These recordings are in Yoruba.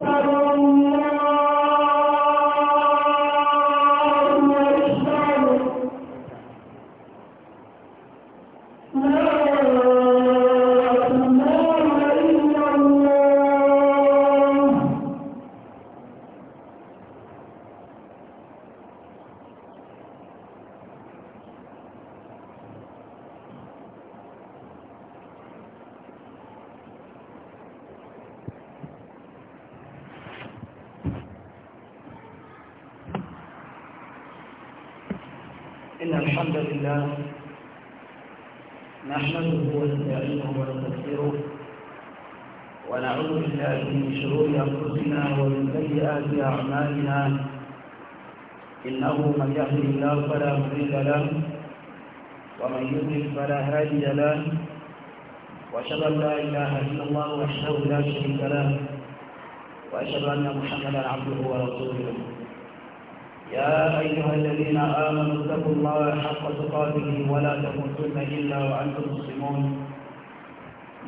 Bye. سيئات أعمالنا إنه من يهدي الله فلا مضل له ومن يضلل فلا هادي له وأشهد أن لا إله إلا الله وحده لا شريك له وأشهد أن محمدا عبده ورسوله يا أيها الذين آمنوا اتقوا الله حق تقاته ولا تموتن إلا وأنتم مسلمون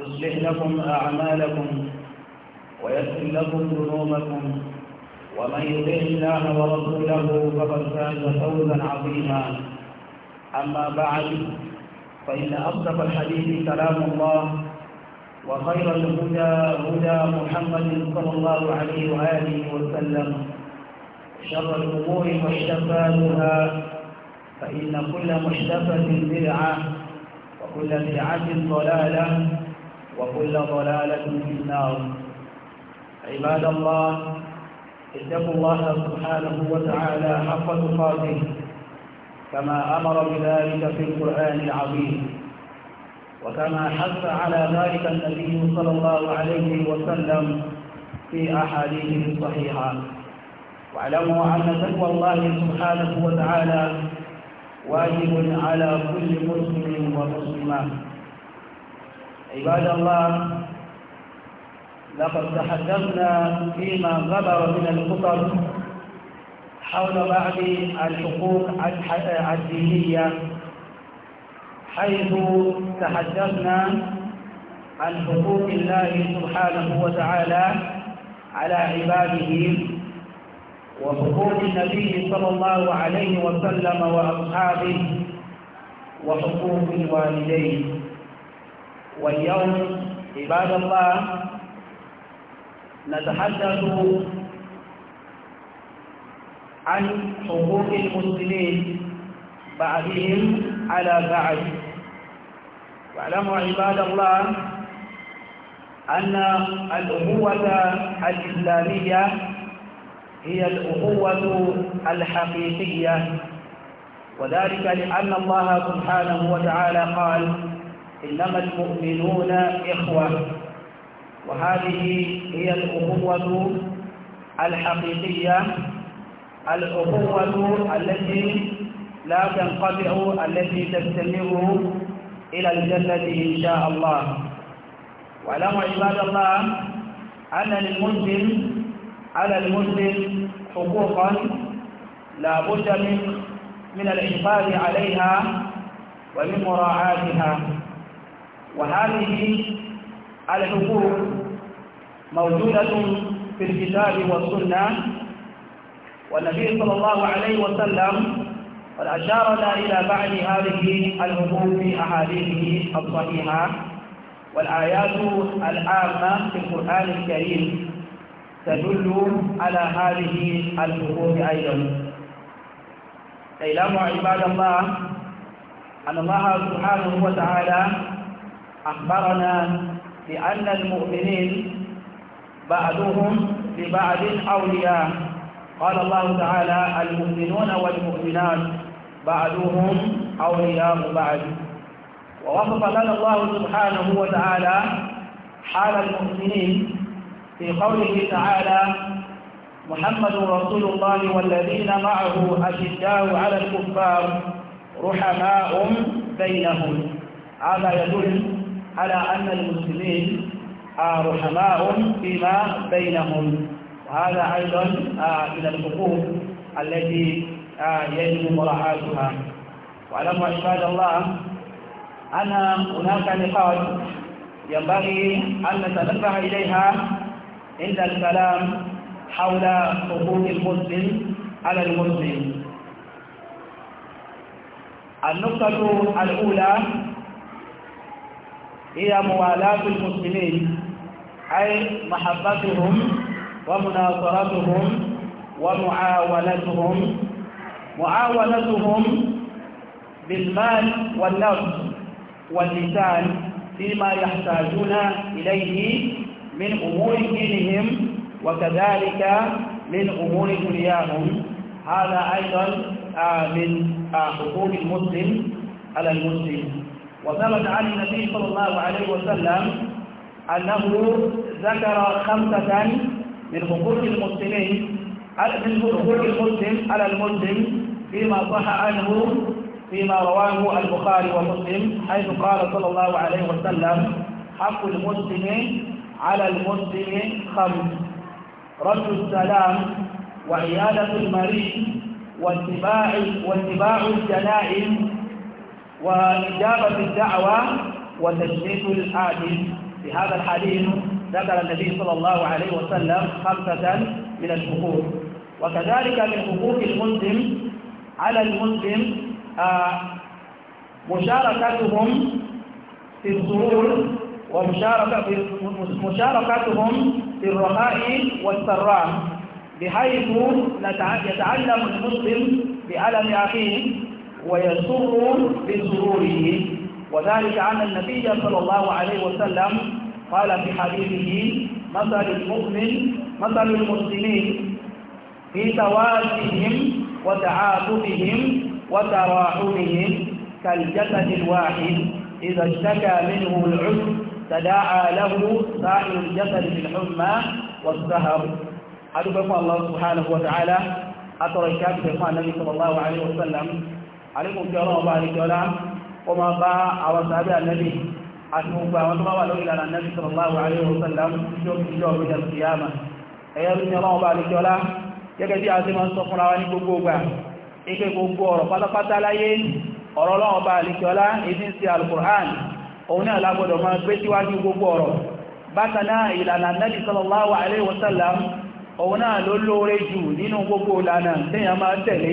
يصلح لكم أعمالكم ويغفر لكم ذنوبكم ومن يطع الله ورسوله فقد فاز فوزا عظيما أما بعد فإن أصدق الحديث كلام الله وخير الهدى هدى محمد صلى الله عليه وآله وسلم شر الأمور محدثاتها فإن كل محدثة بدعة وكل بدعة ضلالة وكل ضلالة في النار عباد الله اتقوا الله سبحانه وتعالى حق تقاته كما أمر بذلك في القرآن العظيم وكما حث على ذلك النبي صلى الله عليه وسلم في أحاديثه الصحيحة واعلموا أن تقوى الله سبحانه وتعالى واجب على كل مسلم ومسلمة عباد الله لقد تحدثنا فيما غبر من الخطب حول بعض الحقوق الدينية حيث تحدثنا عن حقوق الله سبحانه وتعالى على عباده وحقوق النبي صلى الله عليه وسلم وأصحابه وحقوق الوالدين واليوم عباد الله نتحدث عن حقوق المسلمين بعضهم على بعض واعلموا عباد الله أن الأخوة الإسلامية هي الأخوة الحقيقية وذلك لأن الله سبحانه وتعالى قال إنما المؤمنون إخوة وهذه هي الأخوة الحقيقية الأخوة التي لا تنقطع التي تستمر إلى الجنة إن شاء الله واعلموا عباد الله أن المسلم على المسلم حقوقا لا بد من من الحفاظ عليها ومن مراعاتها وهذه الحقوق موجودة في الكتاب والسنة والنبي صلى الله عليه وسلم قد أشارنا إلى بعض هذه الحقوق في أحاديثه الصحيحة والآيات العامة في القرآن الكريم تدل على هذه الحقوق أيضا اعلموا عباد الله أن الله سبحانه وتعالى أخبرنا بأن المؤمنين بعضهم لبعض أولياء قال الله تعالى المؤمنون والمؤمنات بعضهم أولياء بعض ووصف لنا الله سبحانه وتعالى حال المؤمنين في قوله تعالى محمد رسول الله والذين معه أشداء على الكفار رحماء بينهم هذا يدل على أن المسلمين رحماء فيما بينهم وهذا أيضا من آه، الحقوق التي آه، يجب مراعاتها واعلموا عباد الله أن هناك نقاط ينبغي أن نتنبه إليها عند الكلام حول حقوق المسلم على المسلم النقطة الأولى هي موالاة المسلمين أي محبتهم ومناصرتهم ومعاونتهم معاونتهم بالمال والنفس واللسان فيما يحتاجون إليه من أمور دينهم وكذلك من أمور دنياهم هذا أيضا آه، من آه، حقوق المسلم على المسلم وثبت عن النبي صلى الله عليه وسلم أنه ذكر خمسة من حقوق المسلمين من حقوق المسلم على المسلم فيما صح عنه فيما رواه البخاري ومسلم حيث قال صلى الله عليه وسلم حق المسلم على المسلم خمس رد السلام وعيادة المريض واتباع واتباع الجنائز وإجابة الدعوة وتشريف الحادث في هذا الحديث ذكر النبي صلى الله عليه وسلم خمسة من الحقوق وكذلك من حقوق المسلم على المسلم آه، مشاركتهم في الظهور ومشاركة في مشاركتهم في الرخاء والسراء بحيث يتعلم المسلم بألم أخيه ويسر بسروره وذلك أن النبي صلى الله عليه وسلم قال في حديثه مثل المؤمن مثل المسلمين في توازنهم وتعاطفهم وتراحمهم كالجسد الواحد إذا اشتكى منه العز تداعى له سائر الجسد بالحمى والسهر أدعو الله سبحانه وتعالى أترى في النبي صلى الله عليه وسلم àlékún kí ọlọ́run bá àríkẹ́ ọlá ó máa bá àwọn sàábẹ́ ànẹ́bì àti gbogbo àwọn tó bá wà lórí ìlànà ànẹ́bì sallallahu alaihi wasallam ìjọ ìjọ ìjọ ìyàmà ẹ̀yẹ́ rí ọlọ́run bá àríkẹ́ ọlá gẹ́gẹ́ bí a ti máa ń sọ fúnra wa ní gbogbo ìgbà ike gbogbo ọ̀rọ̀ pátápátá láyé ọ̀rọ̀ ọlọ́run bá òun náà ló lóore jù nínú gbogbo ìlànà téèyàn máa tẹ̀lé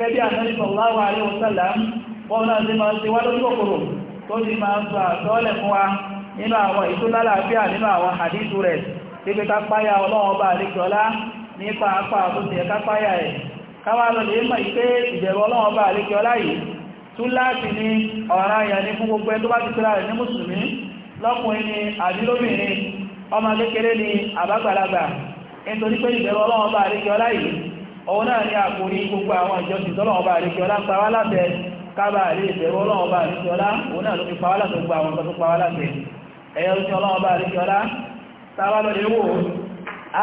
gẹ́gẹ́ bí Ànábì sallallahu alaihi wasallam bọ́ọ̀ náà ti máa ń ṣe wá lójú òkòrò tó ti máa ń sọ àtọ́ọ̀lẹ̀ fún wa nínú àwọn ìtò lálàáfíà nínú àwọn hadithu rẹ̀ tí pé kápáyà ọlọ́wọ́ bá àríkọ́lá nípa apá àtúnṣe kápáyà ẹ̀ káwà lọ lè mọ̀ ìpé ìbẹ̀rù ọlọ́wọ́ bá àríkọ́lá yìí tún láti ní ọ̀rá ìyà ní fún gbogbo ẹ tó bá ti tẹ́lá òun náà ní àkórí gbogbo àwọn ìjọsìn tọ́lọ̀ ọba àríkíọlá ń pawá látẹ̀ kábà àrí ìbẹ̀rù ọlọ́run ọba àríkíọlá òun náà ló fi pawá látẹ̀ gbogbo àwọn tó pawá látẹ̀ ẹ̀yẹ oṣù ọlọ́run ọba àríkíọlá sábà lọ́lẹ̀ wò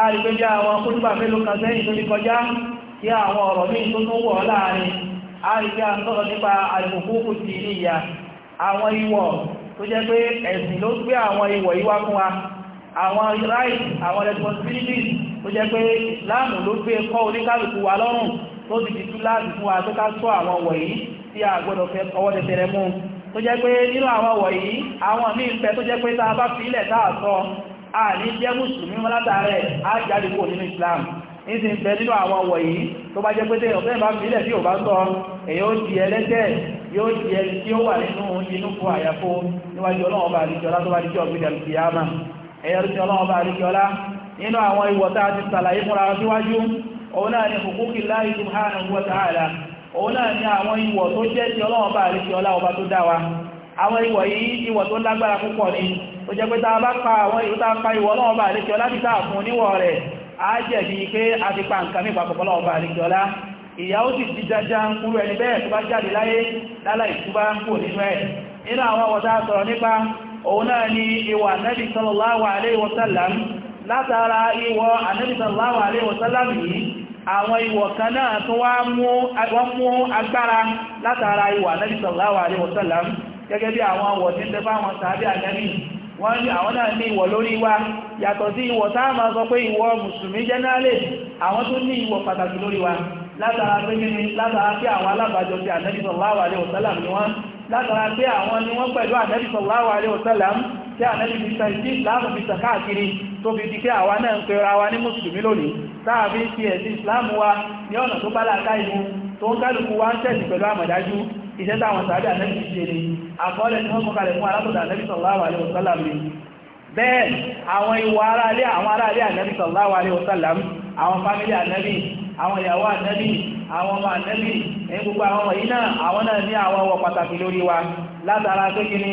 á rí pé bí àwọn kúrúbà mélòó kan sẹ́yìn tó ti kọjá kí àwọn ọ̀rọ̀ míì tó tún wọ̀ láàrin á rí pé à ń sọ̀rọ̀ nípa àlùkùkù ti níyà àwọn ìwọ̀ tó jẹ́ pé ẹ̀sìn ló gbé àwọn ìwọ̀ yìí fún wa àwọn rights àwọn responsibilities tó jẹ́ pé ìsìláàmù ló gbé kọ́ oníkálùkù wa lọ́rùn tó ti di túláàsì fún wa pé ká sọ àwọn wọ̀nyí tí a gbọ́dọ̀ fẹ́ ọwọ́ tẹ̀tẹ̀rẹ̀ mú tó jẹ́ pé nínú àwọn wọ̀nyí àwọn míì fẹ́ tó jẹ́ pé tá a bá fi ilẹ̀ táà sọ a ní jẹ́ mùsùlùmí látàrẹ̀ á jáde kúrò nínú ìsìláàmù ìsì ń bẹ nínú àwọn wọ̀nyí tó bá jẹ́ pé tẹ́yọ̀ fẹ́ bá fílẹ̀ tí ò bá sọ èyí ó di ẹlẹ́tẹ̀ yóò di ẹni tí ó wà nínú inú fún àyàfó níwájú ọlọ́wọ́ bá àríjọlá tó bá díjọ́ gbé nínú àwọn ìwọ̀ta àti sàlàyé fúnra síwájú òun náà ni hukuki láì subhanahu wa ta'ala òun náà ni àwọn ìwọ̀ tó jẹ́ ti ọlọ́wọ́n bá àríkì ọlá ọba tó dáwa àwọn ìwọ̀ yìí ìwọ̀ tó lágbára púpọ̀ ni tó jẹ́ pé tá a bá pa àwọn ìwọ̀ tá a pa ìwọ̀ ọlọ́wọ́n bá àríkì ọlá títà fún níwọ̀ rẹ̀ á jẹ̀bi pé a ti pa nǹkan mí papọ̀ ọlọ́wọ́n látara ìwọ Ànábì sallallahu alaihi wasallam yìí àwọn ìwọ̀ kan náà tó wá mú agbára látara ìwọ Ànábì sallallahu alaihi wasallam gẹ́gẹ́ bí àwọn ọwọ̀ tí ń tẹ fáwọn sàábí Ànábì wọ́n ní àwọn náà ní ìwọ̀ lórí wa yàtọ̀ sí ìwọ̀ táà máa sọ pé ìwọ̀ mùsùlùmí jẹ́nálẹ̀ àwọn tó ní ìwọ̀ pàtàkì lórí wa látara pé gíní látara pé àwọn alábàjọ ti Ànábì sallallahu wasallam ni wọ́n látara pé àwọn ni wọ́n pẹ̀lú Ànábì sallallahu wasallam tí ànẹ́bì mítà ìdí ìsìláàmù mítà káàkiri tó fi di pé àwa náà ń pera wa ní mùsùlùmí lónìí táàbí ti ẹ̀sí ìsìláàmù wa ní ọ̀nà tó bá láàká ìmú tó ń kálùkù wá ń tẹ̀sì pẹ̀lú àmọ̀dájú iṣẹ́ táwọn tàbí ni àkọọ́lẹ̀ tí wọ́n kọkalẹ̀ fún alábọ̀dà ànẹ́bì sallallahu alaihi wasallam bẹ́ẹ̀ àwọn ìwà aráalé àwọn aráalé ànẹ́bì sallallahu alaihi wasallam àwọn fámílì ànẹ́bì àwọn ìyàwó ànẹ́bì àwọn ọmọ àwọn ọmọ yìí náà àwọn náà ní àwọn ọwọ́ pàtàkì lórí wa látara pé kí ni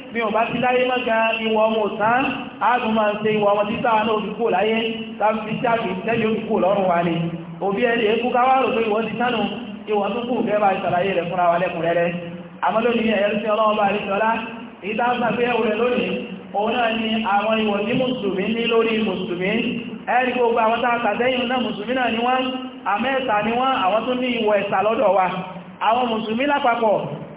mi ò bá sí láyé mọ́gá ìwọ̀ ọmọ òsán ágùn máa ń ṣe ìwọ̀ ọmọ títà náà olùkó láyé tàbí jáde tẹ́lẹ̀ olùkó lọ́rùn wa ni òbí ẹ̀rẹ̀ èkú káwàrò pé ìwọ̀n ti sánú ìwọ̀n tó kù gẹ́bà ìsàlàyé rẹ̀ fúnra wa lẹ́kùn rẹ̀ rẹ̀ ni àwọn ìwọ̀n tí mùsùlùmí ní lórí mùsùlùmí ẹ̀rí gbogbo àwọn tààtàtẹ́yìn náà mùsùlùmí náà ni wọ́n àmẹ́ẹ̀ta ni wọ́n àwọn tó ní ìwọ̀ ẹ̀sà lọ́dọ̀ wa àwọn mùsùlùmí lápapọ̀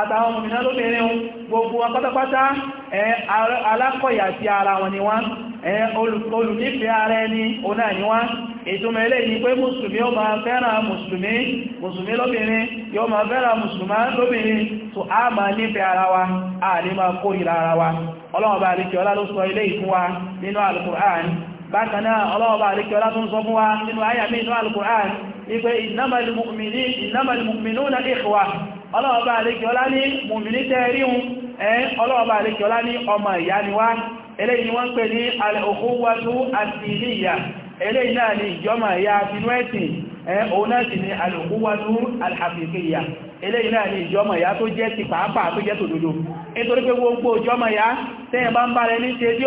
àtàwọn mùmìnà lóbìnrin gbogbo wọn pátápátá alákọ̀yà sí ara wọn ni wọ́n olùnífẹ́ ara ẹni ọ̀nà ni wọ́n ìtumọ̀ eléyìí ni pé mùsùlùmí ó máa fẹ́ràn mùsùlùmí mùsùlùmí lóbìnrin yóò máa fẹ́ràn lóbìnrin a máa nífẹ́ ara wa a ní ara wa ló sọ ilé ìfún wa nínú tó ń sọ fún wa nínú ọlọ́ọ̀bá àríkíọlá ní mùmìnì tẹ́ríun ẹ́ ọlọ́ọ̀bá àríkíọlá ní ọmọ ìyá ni wá eléyìí wọ́n pè ní al-ukhuwatu al-diniyya eléyìí náà ni ìjọmọ̀ ìyá tinú ẹ̀sìn ẹ́ òun náà sì ni al-ukhuwatu al-haqiqiyya eléyìí náà ni ìjọmọ̀ ìyá tó jẹ́ ti pàápàá tó jẹ́ tòdodo nítorí pé gbogbo ìjọmọ̀ ìyá ní ṣe tí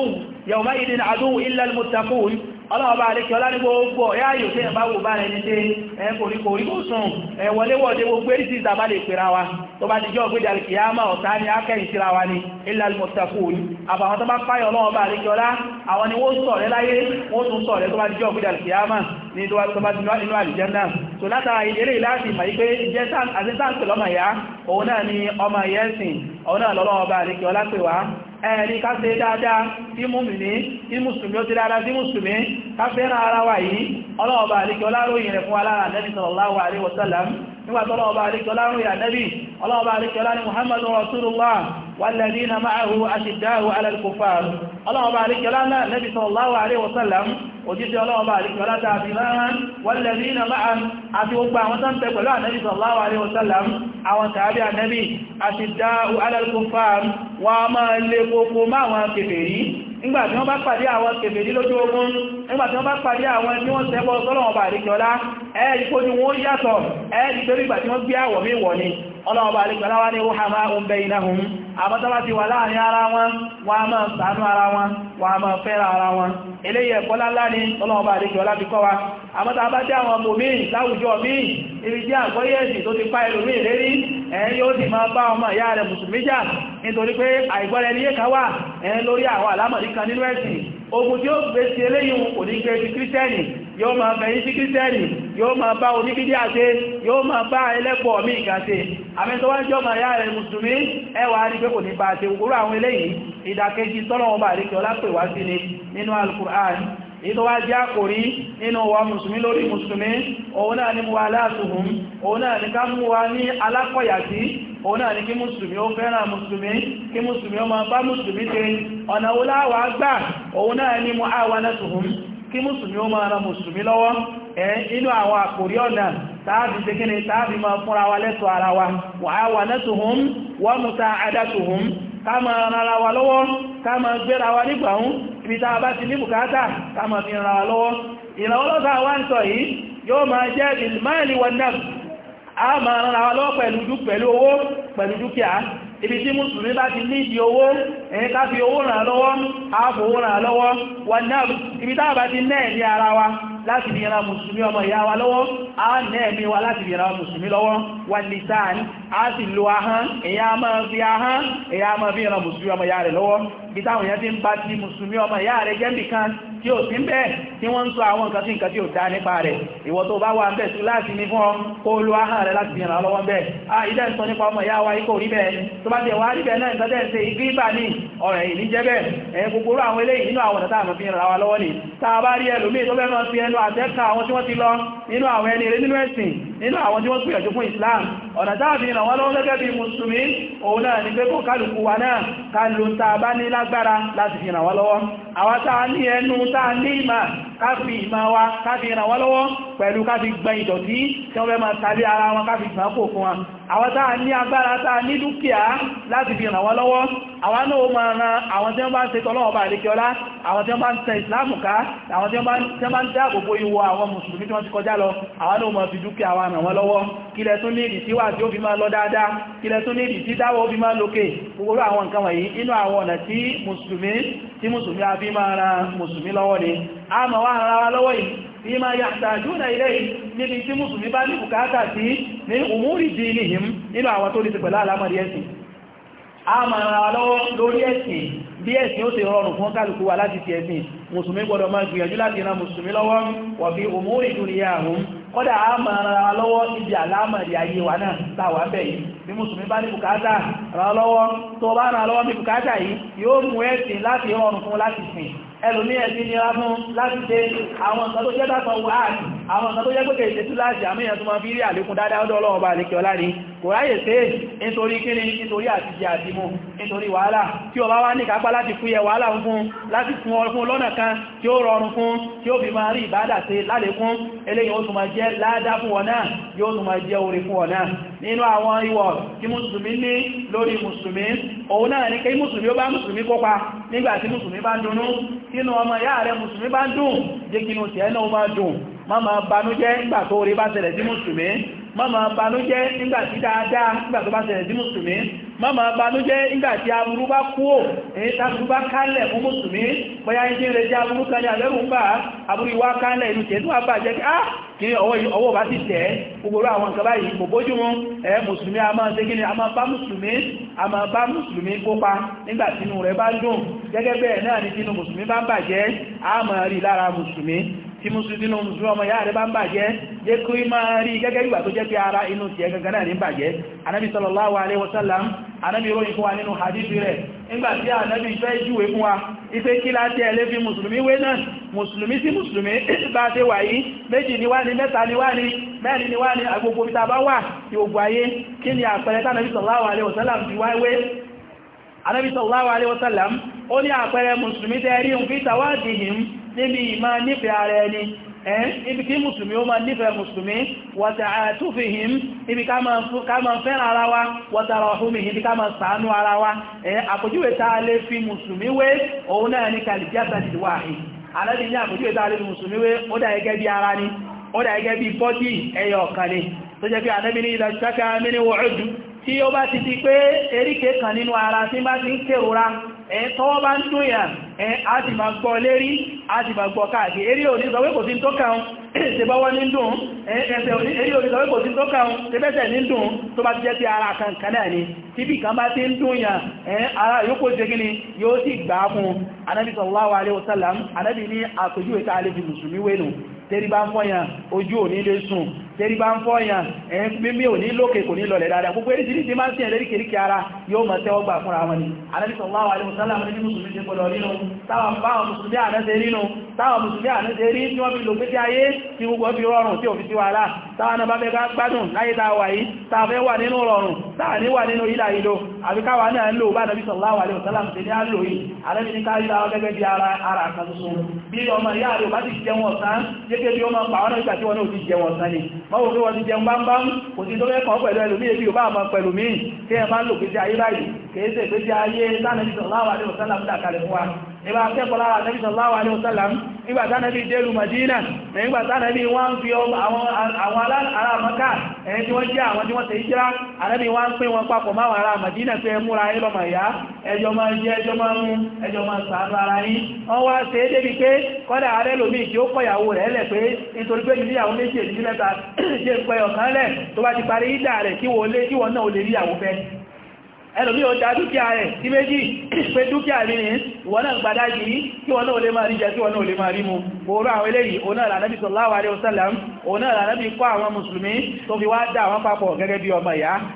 ò yàwùmá ìdí ní àdúwò ilẹ̀ mùtàkùn ọlọ́ọ̀bá àríkẹ́ ọlá ní gbogbo ọ̀yá yóò tẹ́ ẹ̀bá wò bá rẹ̀ ní tẹ́ ẹ̀kùnrin kò rí kò sùn ẹ̀wọ̀léwọ̀dé gbogbo èrí sí ìtàbá lè pèrà wa tó bá dìjọ́ ògbéjà lè kìí àmà ọ̀tá ní akẹ́yìn síra wa ní ilẹ̀ mùtàkùn àbàwọn tó bá páyọ̀ ọlọ́ọ̀bá àríkẹ́ ọlá àwọn ni wọ́n sọ̀rẹ́ láyé wọ́n tún sọ̀rẹ́ tó bá dìjọ́ ògbéjà lè kìí àmà ní tó bá dìjọ́ inú àlìjẹ́ndà tó látara ìdérè láti mọ̀ ẹ̀rí ká ṣe dáadáa sí múmìní sí mùsùlùmí ó ti dáadáa sí mùsùlùmí ká fẹ́ràn ara wa yìí ọlọ́ọ̀bà àríkẹ́ ọláròyìn rẹ̀ fún alára Ànábì sallallahu alaihi wasallam nígbàtí ọlọ́ọ̀bà àríkẹ́ ọláròyìn Ànábì ọlọ́ọ̀bà àríkẹ́ ọlá ní Muhammadu Rasulullah والذين معه أشداء على الكفار àwọn tàbí ànẹ́bì àti dá alẹ́kùnfàà wọ́n a máa lè kókó máwọn kèfèrí nígbàtí wọ́n bá pàdé àwọn kèfèrí lójú ogun nígbàtí wọ́n bá pàdé àwọn tí wọ́n ṣẹbọ sọ́lọ̀wọ̀n bá àríkọ́lá ẹ̀ẹ́dì kó ní wọ́n yàtọ̀ ẹ̀ẹ́dì pé nígbàtí wọ́n gbé àwọ̀ wọ̀ ni ọlọ́wọ̀n bá àríkọ́lá wá ní ó hàmá oúnbẹ̀ ìnáhùn àbátọ́bá ti wà láàrin ara wọn wọ́n a máa ṣàánú ara wọn wọ́n a máa fẹ́ra ara wọn eléyìí ẹ̀kọ́ lálá ní ọlọ́ọ̀bá àdékẹ́ ọlá fi kọ́ wa àbátọ́ bá jẹ́ àwọn ọmọ mi láwùjọ mi ibi jẹ́ àgbọ́yẹ̀sì tó ti pa ẹlòmí lérí ẹ̀yìn yóò sì yóò máa bẹ̀yìn sí kírísẹ́rì yóò máa bá oníbídí àṣẹ yóò máa bá ẹlẹ́pọ̀ mí ìgbàṣe àmẹ́tọ́ wá jọ máa yá rẹ̀ mùsùlùmí ẹwà rí pé kò ní bá ṣe gbogbo àwọn eléyìí ìdàkejì tọ́lọ́wọ́ ni nínú alukur'an ètò wá jẹ́ àkòrí nínú wa mùsùlùmí òun náà ni mú wa aláàtùhùn ni ká mú wa ní alákọ̀yàtí òun ni kí mùsùlùmí ó fẹ́ràn mùsùlùmí kí mùsùlùmí ó máa bá mùsùlùmí ṣe ọ̀nà wo gbà òun náà ni mú àwa náà tùhùn kí mùsùlùmí ó máa ran mùsùlùmí lọ́wọ́ ẹ̀ inú àwọn àkòrí ọ̀nà tàbí tẹ́kíní tàbí máa fúnra wa lẹ́tọ̀ ara wa wa awanatuhum wa musa'adatuhum ká máa ran ara wa lọ́wọ́ ká máa gbéra wa nígbàún ibi tá a bá ti ní bùkátà ká máa fi ran ara lọ́wọ́ ìrànwọ́lọ́sà wá ń sọ yìí yóò máa jẹ́ bil mali wan nafs a máa ran ara lọ́wọ́ pẹ̀lú owó ibi tí mùsùlùmí bá ti ní ìdí owó ẹni ká fi owó ràn lọ́wọ́ ààbò owó ràn lọ́wọ́ wà náà ibi táàbà ti náà ní ara wa láti ní ìran mùsùlùmí ọmọ ìyá wa lọ́wọ́ a ní ẹ̀mí wa láti ní ìran mùsùlùmí lọ́wọ́ wà lìtàn a sì lo ahán èyà máa fi ahán èyà máa fi ìran mùsùlùmí ọmọ ìyá rẹ̀ lọ́wọ́ bí táwọn èèyàn ti ń bá ti mùsùlùmí ọmọ ìyá rẹ̀ jẹ́ nìkan tí ó sí bẹ́ẹ̀ tí wọ́n ń sọ àwọn nǹkan sí nǹkan tí ó dá nípa rẹ̀ ìwọ tó bá wà ń bẹ̀ sí láti ní fún ọ kó lo ahán rẹ̀ láti ìran lọ́wọ́ bẹ́ẹ̀ a ilé ń sọ nípa ọmọ ìyá wa ikọ̀ rí bẹ́ẹ̀ tó bá jẹ́ wá rí bẹ́ẹ̀ náà nǹkan tẹ́ ń ṣe igi ìgbà ní ọ̀rọ̀ ẹ̀yìn ní jẹ́ bẹ́ẹ̀ ẹ̀yìn ni tá a bá rí ẹlòmíì ẹnu àtẹ́kà àwọn tí wọ́n ti lọ nínú àwọn ẹni eré nínú ẹ̀sìn nínú àwọn tí wọ́n pìyànjú fún Islam ọ̀nà táàfin ìrànwọ́ lọ́wọ́ gẹ́gẹ́ bí mùsùlùmí òun náà ni pé kó kálùkù wa náà kálù ta bá ní lágbára láti fi ìrànwọ́ lọ́wọ́ àwọn táà ní ẹnu wa káfí ìrànwọ́ lọ́wọ́ pẹ̀lú káfí gbẹ̀yìn ìdọ̀tí tí wọ́n fẹ́ máa tàbí ara wọn káfí ìgbàkò fún wa àwọn náà ó máa ran àwọn tí wọ́n bá ń ṣe tọ́lọ́wọ́ bá àríkẹ́ ọlá àwọn tí wọ́n bá ń tẹ ìsìláàmù ká àwọn tí wọ́n bá ń dá àgbogbo ìwọ àwọn mùsùlùmí tí wọ́n ti kọjá lọ àwọn náà máa wa ràn wọ́n lọ́wọ́ kílẹ̀ tún ní ìdí tí wà tí ó fi máa lọ dáadáa kílẹ̀ tún ní ìdí tí dáwọ́ ó fi máa lókè gbogbo àwọn nǹkan wọ̀nyí inú àwọn ọ̀nà tí mùsùlùmí tí mùsùlùmí a fi máa ran mùsùlùmí lọ́wọ́ ni a máa wá ara wa lọ́wọ́ yìí fi máa yàtàjúnà ilé níbi tí mùsùlùmí bá ní bùkátà sí ní umúrì dínihim nínú àwọn tó ní ti pẹ̀lú àlámọ̀rí ẹ̀sìn a máa ra lọ́wọ́ lórí ẹ̀sìn bí ẹ̀sìn ó ti rọrùn fún kálukú wa láti ti ẹ̀sìn mùsùlùmí gbọdọ̀ máa gbìyànjú láti ran mùsùlùmí lọ́wọ́ wọ̀ bí òmúrì dúnìyà àrùn kọ́dà a máa ra lọ́wọ́ ibi àlámàrí ayé wa náà táwà bẹ̀ yìí bí mùsùlùmí bá ní bùkátà ra lọ́wọ́ tó bá ra lọ́wọ́ bí bùkátà yìí yóò mú ẹ̀sìn láti rọrùn fún láti sìn ẹlòmí ẹ̀sí nira fún láti ṣe àwọn ọ̀sán tó jẹ́ dákan wà áàdì àwọn ọ̀sán tó jẹ́ pẹ́kẹ̀ ìṣẹ́tú láti àmìyàn tó máa fi rí àlékún dáadáa ọdọ́ ọlọ́wọ́ bá àlékẹ́ ọlá ní kò ráyè pé nítorí kíní nítorí àtijẹ́ àtimú nítorí wàhálà tí o bá wá ní kápá láti fún yẹ wàhálà fún láti fún ọ fún lọ́nà kan tí ó rọrùn fún tí ó fi máa rí ìbádà ṣe lálékún eléyìn ó tún máa jẹ́ láádá fún wọn yóò tún máa jẹ́ orí fún wọn nínú àwọn ìwọ̀ tí mùsùlùmí ní lórí mùsùlùmí òun náà ní kí mùsùlùmí ó bá mùsùlùmí kópa nígbàtí mùsùlùmí bá ń dùnnú kínú ọmọ ìyá musulmi mùsùlùmí bá ń dùn jẹ́ kínú tí ẹ náà máa dùn má máa banújẹ́ nígbà tó rí bá ṣẹlẹ̀ sí mùsùlùmí má máa banújẹ́ nígbàtí dáadáa nígbà tó bá sí mùsùlùmí máma banújẹ́ ìgbàtí aburú bá kúò èyí tàbí ba kálẹ̀ fún mùsùlùmí bọ́yá ìjìn rẹ̀ jẹ́ aburú kan ní àbẹ́rù ń ah! bá aburú ìwá kálẹ̀ ba tẹ́tù àbá jẹ́ kí ọwọ́ ba ti tẹ́ gbogbo àwọn nǹkan báyìí kò bójú mu ẹ mùsùlùmí a máa ṣegí ama a máa ama ba a máa bá mùsùlùmí kópa nígbà tínú rẹ̀ bá dùn gẹ́gẹ́ bẹ́ẹ̀ náà ni tínú mùsùlùmí tí mùsùlùmí nínú mùsùlùmí ọmọ ìyá rẹ̀ bá ń bàjẹ́ jẹ́ kó máa rí gẹ́gẹ́ ìgbà tó jẹ́ pé ara inú ti ẹgangan náà ní bàjẹ́ anábi sallallahu alaihi wasallam anábi ròyìn fún wa nínú hadithi rẹ̀ nígbàtí anábi fẹ́ júwe fún wa ipe kí láti ẹlẹ́ fi mùsùlùmí wé náà mùsùlùmí sí mùsùlùmí bá ṣe wà yìí méjì ni wá ní mẹ́ta ni wá ní mẹ́rin ni wá ní agbogbo bí ta bá wà tí ayé kí ni àpẹẹrẹ tánàbí sallallahu alaihi wasallam fi wá wé anábi sallallahu alaihi wasallam ó ní àpẹẹrẹ mùsùlùmí tẹ́ rí ń fi tàwádìí níbi ma nífẹ̀ẹ́ ara ẹni ẹn ibi kí mùsùlùmí ó ma nífẹ̀ẹ́ mùsùlùmí wata'atufihim ibi ká máa fẹ́ràn ara wa watarahumihim ibi ká máa ṣàánú ara wa ẹn àpòjúwe tá a lè fi mùsùlùmí wé òun náà ní kal a lè fi mùsùlùmí ni bi tí ó bá ti pé kan ara tí bá ti ń ẹ̀ tọ́wọ́ bá a ti ma gbọ́ lérí a ti ma gbọ́ káàkiri eré òní sọ pé kò sí tó kàun ṣebọ́wọ́ ní dùn ẹsẹ̀ eré òní sọ pé kò dùn tó ti jẹ́ ti ara kan kan ni kan bá ti ń dùn ara yóò jẹ́ gíní yóò sallallahu alaihi wasallam a tẹ́rí bá ń fọ́ yàn ẹ̀yìn mímí ò ní lókè kò ní lọlẹ̀ dáadáa gbogbo eré jìnnì tí máa ń sí ẹ̀lẹ́rí kèríkè ara yóò mọ̀ tẹ́wọ́ gbà fúnra wọn ni alẹ́sọ̀láwà alẹ́mùsálàmù ní mùsùlùmí ti pọ̀lọ̀ nínú táwọn mùsùlùmí ànẹ́sẹ̀ rínú táwọn mùsùlùmí ànẹ́sẹ̀ rí tí wọ́n fi lò pé tí ayé tí gbogbo fi rọrùn tí ò fi sí wàhálà táwọn náà bá fẹ́ gbádùn láyé tá a wà yìí tá ara ara kan tuntun bí ọmọ ìyá rẹ̀ bá ti jẹun ọ̀sán jẹ́gẹ́ bí ọmọ pàwọn ìgbà tí wọn náà ti jẹun ọ̀sán ni báwo pé wọ́n ti jẹun bámbám kò sí tó mẹ́kàn pẹ̀lú ẹlòmí ebi ò bá àmọ́ pẹ̀lú mi tí ẹ bá ń lò pé ti ayé báyìí kìí ṣe pé ti ayé sánẹ́bí sallallahu alaihi wasallam dàkalẹ̀ fún wa ìbá akẹ́kọ̀ọ́ lára sánẹ́bí sallallahu alaihi wasallam nígbàtá nàbí délù Madina nígbàtá nàbí wọ́n fi àwọn ará maka ẹni tí wọ́n jẹ́ àwọn tí wọ́n tẹ̀ ìjírá ànábì wọ́n pín wọn papọ̀ máwọn ará Madina pé múra ẹlọ́mà ìyá ẹjọ́ máa jẹ́ ẹjọ́ máa mú ẹjọ́ máa sàánú ara yín wọ́n wá ṣe é débi pé kọ́dà ará ẹlòmí tí ẹlòmí ò dá dúkìá rẹ̀ sí méjì pé dúkìá rí ní ìwọ̀n náà gbádá yìí kí wọ́n náà lè máa rí jẹ kí wọ́n náà lè máa rí mu oòrùn àwọn eléyìí òun náà lànàbí sallallahu alaihi wasallam òun náà lànàbí kọ́ àwọn mùsùlùmí tó fi wá dá àwọn papọ̀ gẹ́gẹ́ bí ọmọ ìyá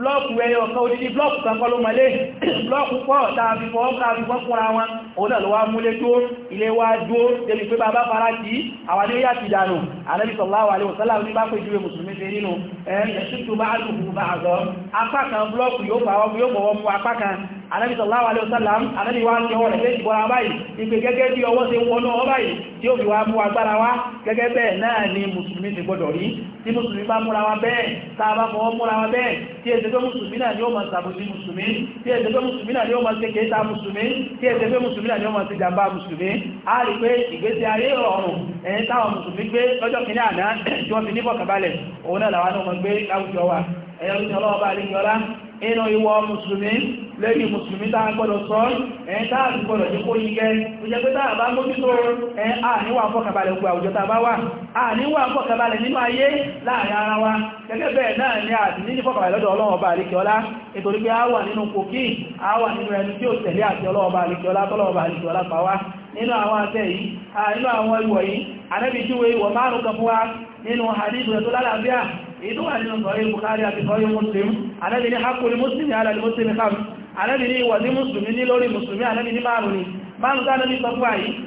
blọ́ọ̀kù ẹyọ ọ̀kan odidi blọ́ọ̀kù kan kọ́ ló mọ́lé blọ́ọ̀kù pọ̀ tààfi fọ́ tààfi fọ́ fúnra wọn òun náà ló wá múlé tó ilé wá dó débi pé bàbá fara tí àwọn ni ó yà ti dànù Ànábì sallallahu alaihi wasallam ní bá pè júwe mùsùlùmí ṣe nínú ẹ̀yìn ṣùtù bá lùkù bá àgọ́ apá kan blọ́ọ̀kù yóò fọwọ́ mú apá kan Ànábì sallallahu alaihi wasallam Ànábì wá ń yọwọ́ rẹ̀ lé ìbọra báyìí ìpè gẹ́gẹ́ bí ọwọ́ ṣe wọnú ọ báyìí tí ó fi wá mú agbára wá gẹ́gẹ́ bẹ́ẹ̀ náà ni mùsùlùmí ti gbọdọ̀ rí tí mùsùlùmí bá múra wa bẹ́ẹ̀ tàà bá fọwọ́ múra wa bẹ́ẹ̀ tí èsè mùsùlùmí náà ni ó máa ṣàbòsí mùsùlùmí tí èsè mùsùlùmí náà ni ó máa ṣe kéta mùsùlùmí tí èsè pé mùsùlùmí náà ni ó máa ṣe jàmbá mùsùlùmí a rí pé ìgbésí ayé ọ̀run ẹ̀yìn táwọn mùsùlùmí gbé lọ́jọ́ kìíní àná tí wọ́n fi ní bọ̀kàbalẹ̀ òun náà làwọn náà mọ̀ gbé láwùjọ wa ẹ̀yọ́ ìjọlọ́wọ́ bá rí yọlá inú ìwọ mùsùlùmí lórí mùsùlùmí táà gbọ́dọ̀ sọ ẹ̀yìn táà gbọ́dọ̀ jẹ́ kó yí gẹ́ tó jẹ́ pé táà bá mójútó ẹ̀ àníwà fọ́kàbalẹ̀ gbogbo àwùjọ tàbá wà àníwà fọ́kàbalẹ̀ nínú ayé láàrin ara wa gẹ́gẹ́ bẹ́ẹ̀ náà ni àti níní fọ́kàbalẹ̀ lọ́dọ̀ Ọlọ́run Ọba àríkẹ́ọlá nítorí pé a wà nínú kòkí a wà nínú ẹni tí ó tẹ̀lé àti Ọlọ́run Ọba àríkẹ́ọlá tọ́lọ́run Ọba àríkẹ́ọlá pa wá nínú àwọn àtẹ́ yìí nínú àwọn ìwọ̀ yìí Ànábì júwe ìwọ̀ márùn-ún kan fún wa nínú hadith rẹ̀ tó lálàáfíà èyí wà nínú sọ̀rọ̀ Bukhari àti sọ̀rọ̀ Muslim Ànábì ní hakul muslimi ala al muslimi khams Ànábì ní ìwọ̀ ní musulmi ní lórí musulmi Ànábì ní márùn-ún márùn-ún tánàbí sọ fún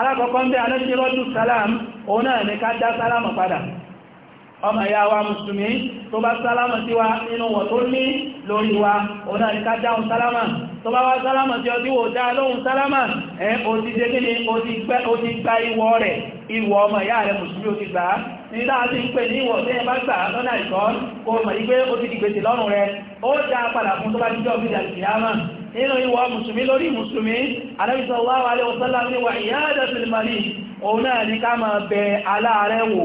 alákọ̀ọ́kọ́ ń bẹ́ alẹ́sìrọ́dù salam òun náà ní ká dá sálámà padà ọmọ ìyá wa mùsùlùmí tó bá sálámà sí wa nínú wọ̀ tó ní lórí wa òun náà ní ká dáhùn sálámà tó bá wá sálámà sí ọdí wò dá lóhùn sálámà ẹ́ o ti dé kí ni o ti gba ìwọ rẹ̀ ìwọ ọmọ ìyá rẹ̀ mùsùlùmí o ti gbà ní láti ń pè ní ìwọ̀ tí ẹ bá gbà lọ́nà ìkọ́ kó mọ̀ yí pé ó ti di gbèsè lọ́rùn rẹ ó dá padà fún tó bá jíjọ́ bí ìdàgbìyàmà nínú ìwọ̀ mùsùlùmí lórí mùsùlùmí anábìsọ̀ wá wà lẹ́wọ̀ sọ́lá ní wà ìyá àdàtìlìmọ̀lì òun náà ní ká máa bẹ aláàárẹ̀ wò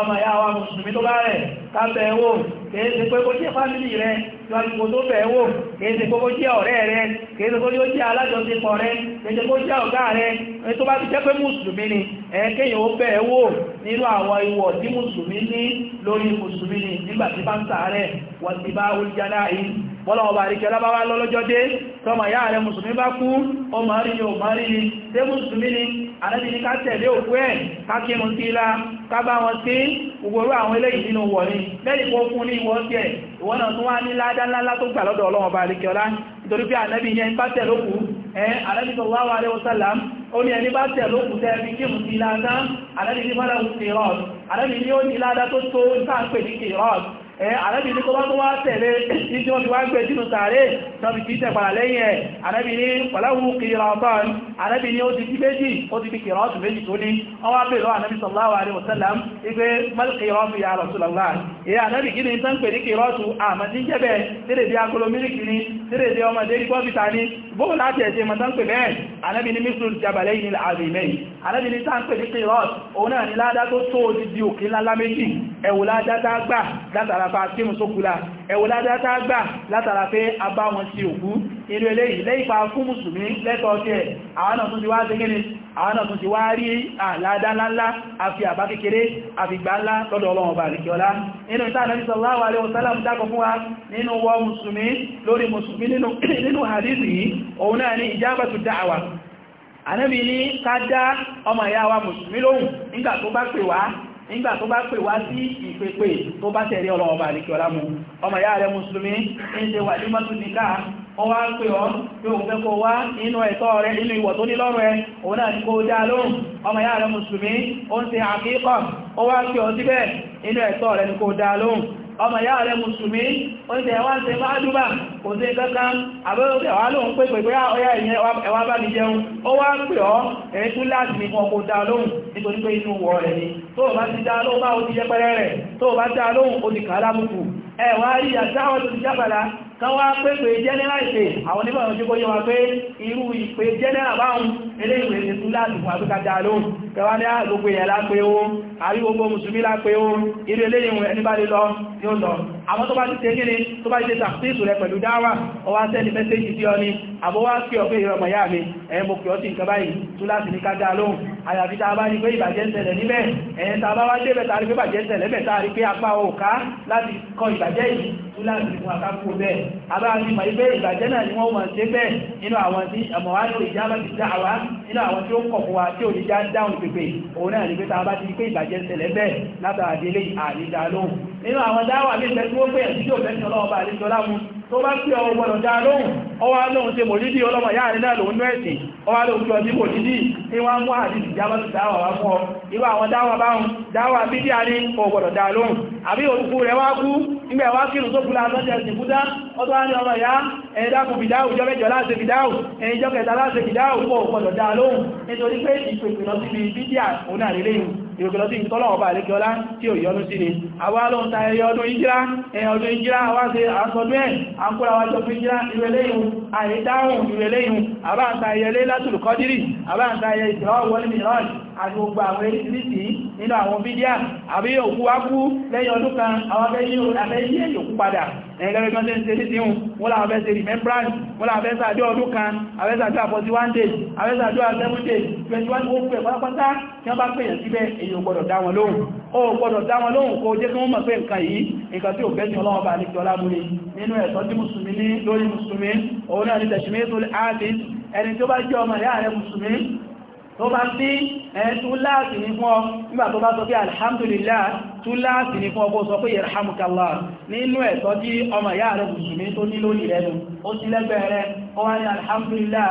ọmọ ìyá wa mùsùlùmí tó bá rẹ̀ ká bẹ̀ wò kìí ṣe pé kó jẹ́ fámìlì rẹ̀ lọ́nìkò tó bẹ̀ẹ́ wò kéèsè kó kó jẹ́ ọ̀rẹ́ rẹ kéèsè kó jẹ́ alájọsípọ̀ rẹ kéèsè kó jẹ́ ọ̀gá rẹ tó bá ti jẹ́ pé mùsùlùmí ni ẹ̀ẹ́kẹ́yìn ó bẹ̀ẹ́ wò nínú àwọn ìwọ̀ tí mùsùlùmí ní lórí mùsùlùmí ni nígbà tí bá ń sàárẹ̀ wọ́n ti bá olùjádá yìí bọ́lọ̀wọ̀ bá rí kẹlọ́bá wá lọ́lọ́jọ́ dé tọ́mọ̀ yáà rẹ mùsùlùmí bá kú ọmọ rí ni ò mọ́ rí ni tẹ́ mùsùlùmí ni ànábì ní ká tẹ̀lé òkú ẹ̀ ká kírun sí ilá ká bá wọn sí gbogbo àwọn eléyìí nínú wọ̀ ni lẹ́yìn kó fún ní ìwọ tiẹ̀ ìwọ náà tún wá ní ládánlá tó gbà lọ́dọ̀ ọlọ́wọ̀n bá àríkẹ́ọlá nítorí pé ànábì yẹn bá tẹ̀lé òkú ẹ̀ ànábì sallallahu alaihi wasallam ó ní ẹni bá àrẹ́bì ní kó bá tó wá tẹ̀lé ìjọ ti wá ń gbé jínú tààrẹ tọ́bí kìí tẹ̀ padà lẹ́yìn ẹ̀ àrẹ́bì ní pọ̀láwù kìíra ọ̀tọ́n àrẹ́bì ní ó ti bí méjì ó ti bí kìíra ọ̀tún méjì tó ní ọwá bèèrè àrẹ́bì sallallahu alaihi wasallam igbe malkìíra ọ̀tún ya Rasulullah ìyá àrẹ́bì kí ni tán pè ní kìíra ọ̀tún àmàdí jẹ́bẹ̀ tẹ́lẹ̀ bí agolo mílìkì ni tẹ́lẹ̀ bí ọmọdé ní bọ́bìta ni bóò láti ẹ̀ṣẹ́ mọ̀ tán pè bẹ́ẹ̀ àrẹ́bì ní mísùn jabalẹ́ yìí ní àbìmẹ́ látara pa tí mo sókúlá ẹ̀wọ̀ ládátá gbà látara pé a bá wọn sí òkú inú eléyìí lẹ́yìn pa fún mùsùlùmí lẹ́tọ̀ọ́ tí ẹ̀ àwọn náà tún ti wá dégínì àwọn náà tún ti wá rí àládá ńláńlá àfi àbá kékeré àfìgbà ńlá lọ́dọ̀ ọlọ́run ọba àríkẹ́ọlá inú ìta nàbí sallallahu alaihi wasallam dákọ̀ fún wa nínú wọ mùsùlùmí lórí mùsùlùmí nínú hadithi yìí òun nígbà tó bá pè wá sí ìpèpè tó bá tẹ̀rí ọlọ́ọ̀bà àríkì ọlá mu ọmọ ìyá rẹ̀ mùsùlùmí ń ṣe wà ní mọ́tò nìkà wọ́n wá ń pè ọ́ pé òun fẹ́ wá nínú ẹ̀tọ́ rẹ̀ nínú ìwọ̀ tó ní lọ́rùn òun náà ní kó dá lóhùn ọmọ ìyá rẹ̀ mùsùlùmí ó ń ṣe àkíkọ̀ ó wá ń pè ọ́ síbẹ̀ nínú ẹ̀tọ́ rẹ̀ ní kó dá lóhùn ọmọ ìyá rẹ̀ mùsùlùmí oúnjẹ ẹ̀wà ń ṣe bá dúbà kò sí kankan àbẹ́rẹ̀ ẹ̀wà lóhun pé pẹ̀pẹ́ ọya ìyẹn ẹ̀wà bá mi jẹun ó wá ń pè ọ́ ẹ̀yìn tún láti ní ọkọ̀ dá lóhun nítorí pé inú wọ̀ rẹ̀ ni tó bá ti dá lóhun bá ó ti yẹpẹrẹ rẹ̀ tó bá dá lóhun ó ti kàá lábùkù ẹ̀wà rí àtàwọn tó ti jábàlá kan wá pépè jẹ́nẹ́rà ìpè àwọn onímọ̀ ìjọba yọ wá pé irú ìpè jẹ́nẹ́rà báhùn eléyìnwé ti tún láti fún àbúkà dáa lóhùn kẹwàá ní àgbogbo ah, èèyàn lápé ó àríwogbo mùsùlùmí lápé ó irú eléyìnwé ẹni bá lè lọ ni ó lọ àwọn tó bá ti tẹ́ gíní tó bá jẹ́ tàbísù rẹ pẹ̀lú dáwà ọwá sẹ́ni mẹ́sẹ́jì sí ọ ni àbówá kí ọ̀fẹ́ ìrọmọ̀ yá mi ẹ̀yẹn mo kí ọ sí nǹkan báyìí tó láti ní kájá lóhùn àyàfi tá a bá ní pé ìbàjẹ́ ń ṣẹlẹ̀ níbẹ̀ ẹ̀yẹn tá a bá wá dé bẹ̀ta rí pé bàjẹ́ ń ṣẹlẹ̀ bẹ̀ta rí pé apá òká láti kọ ìbàjẹ́ yìí tó láti fún àkápò bẹ́ẹ̀ abá ní mọ̀ pé ìbàjẹ́ náà ni wọ́n mọ̀ ṣe bẹ́ẹ̀ nínú àwọn tí ọmọ wa ní ìjà bá ti dá àwa nínú àwọn tí ó kọ̀ fún wa tí ò ní já dáhùn pèpè òun náà ní pé tá a bá ti rí pé ìbàjẹ́ ń ṣẹlẹ̀ bẹ́ẹ̀ látàrí ilé àdídá lóhùn nínú àwọn dá dáwà ní ìfẹ́ tí ó pè ẹ̀sí yóò fẹ́sí ọlọ́wọ́ bá àlejò lámú tó bá pẹ́ ọwọ́ gbọ́dọ̀ dá lóhùn ọwọ́ lóhun ṣe mòlídìí ọlọ́mọ yáà ní náà lòun nọ́ẹ̀sì ọwọ́ lóhun tí ọdí mòlídìí ní wọ́n mú àdìsí jábọ́ sí dáwà wá fún ọ irú àwọn dáwà báhùn dáwà bídíà ní ọgbọ̀dọ̀ dá lóhùn àbí orúkú rẹ̀ wá kú nígbẹ̀ wá kírun tó kúlá lọ́jọ́ ẹ̀sìn búdá ọdọ́ á ní ọmọ ìyá ẹ̀dá kù fìdáhù jọ mẹ́jọ láti fìdáhù ẹ̀yìn jọ kẹta láti fìdáhù pọ̀ ọ̀pọ̀lọ̀ dá lóhùn nítorí pé ìpèpè lọ síbi bídíà òun náà lélẹ́yìn ìrògbèlọ́ sí ìtọ́lọ̀wọ̀ bá àríkẹ́ọlá tí ò yọnú sí ni àwa lóhun ta ẹyẹ ọdún ìjírá ẹyẹ ọdún ìjírá wá sí àṣọdún ẹ̀ àkúra wá jọ fún ìjírá ìrẹ̀lẹ́yìn àìdáhùn ìrẹ̀lẹ́yìn àbáǹta ẹyẹ lé látùlùkọ́dírì àbáǹta ẹyẹ ìtìlọ́wọ́ wọlé mìíràn àti gbogbo àwọn eréṣìíṣì nínú àwọn bídíà àbí òkú wá kú lẹ́yìn ọdún kan àwọn abẹ́yí èyòkú padà ẹ̀lẹ́rẹ́ kan tẹ́ ń ṣe ní tíhun wọ́n láwọn fẹ́ ṣe remembrance wọ́n láwọn fẹ́ ṣàdé ọdún kan àwẹ́sàdó àpọ̀sí 1 day àwẹ́sàdó àtẹ́mú day 21 tí ó bá jẹ́ ọmọ rẹ̀ ààrẹ tó bá sí ẹn tó láti ní fún ọ nígbà tó bá sọ pé alhamdulillah tó láti ní fún ọkọ̀ sọ pé yarhamukallah nínú ẹ̀tọ́ tí ọmọ ìyá rẹ̀ mùsùlùmí tó ní lónìí rẹ̀ ó sí lẹ́gbẹ̀ẹ́ rẹ̀ ó ní alhamdulillah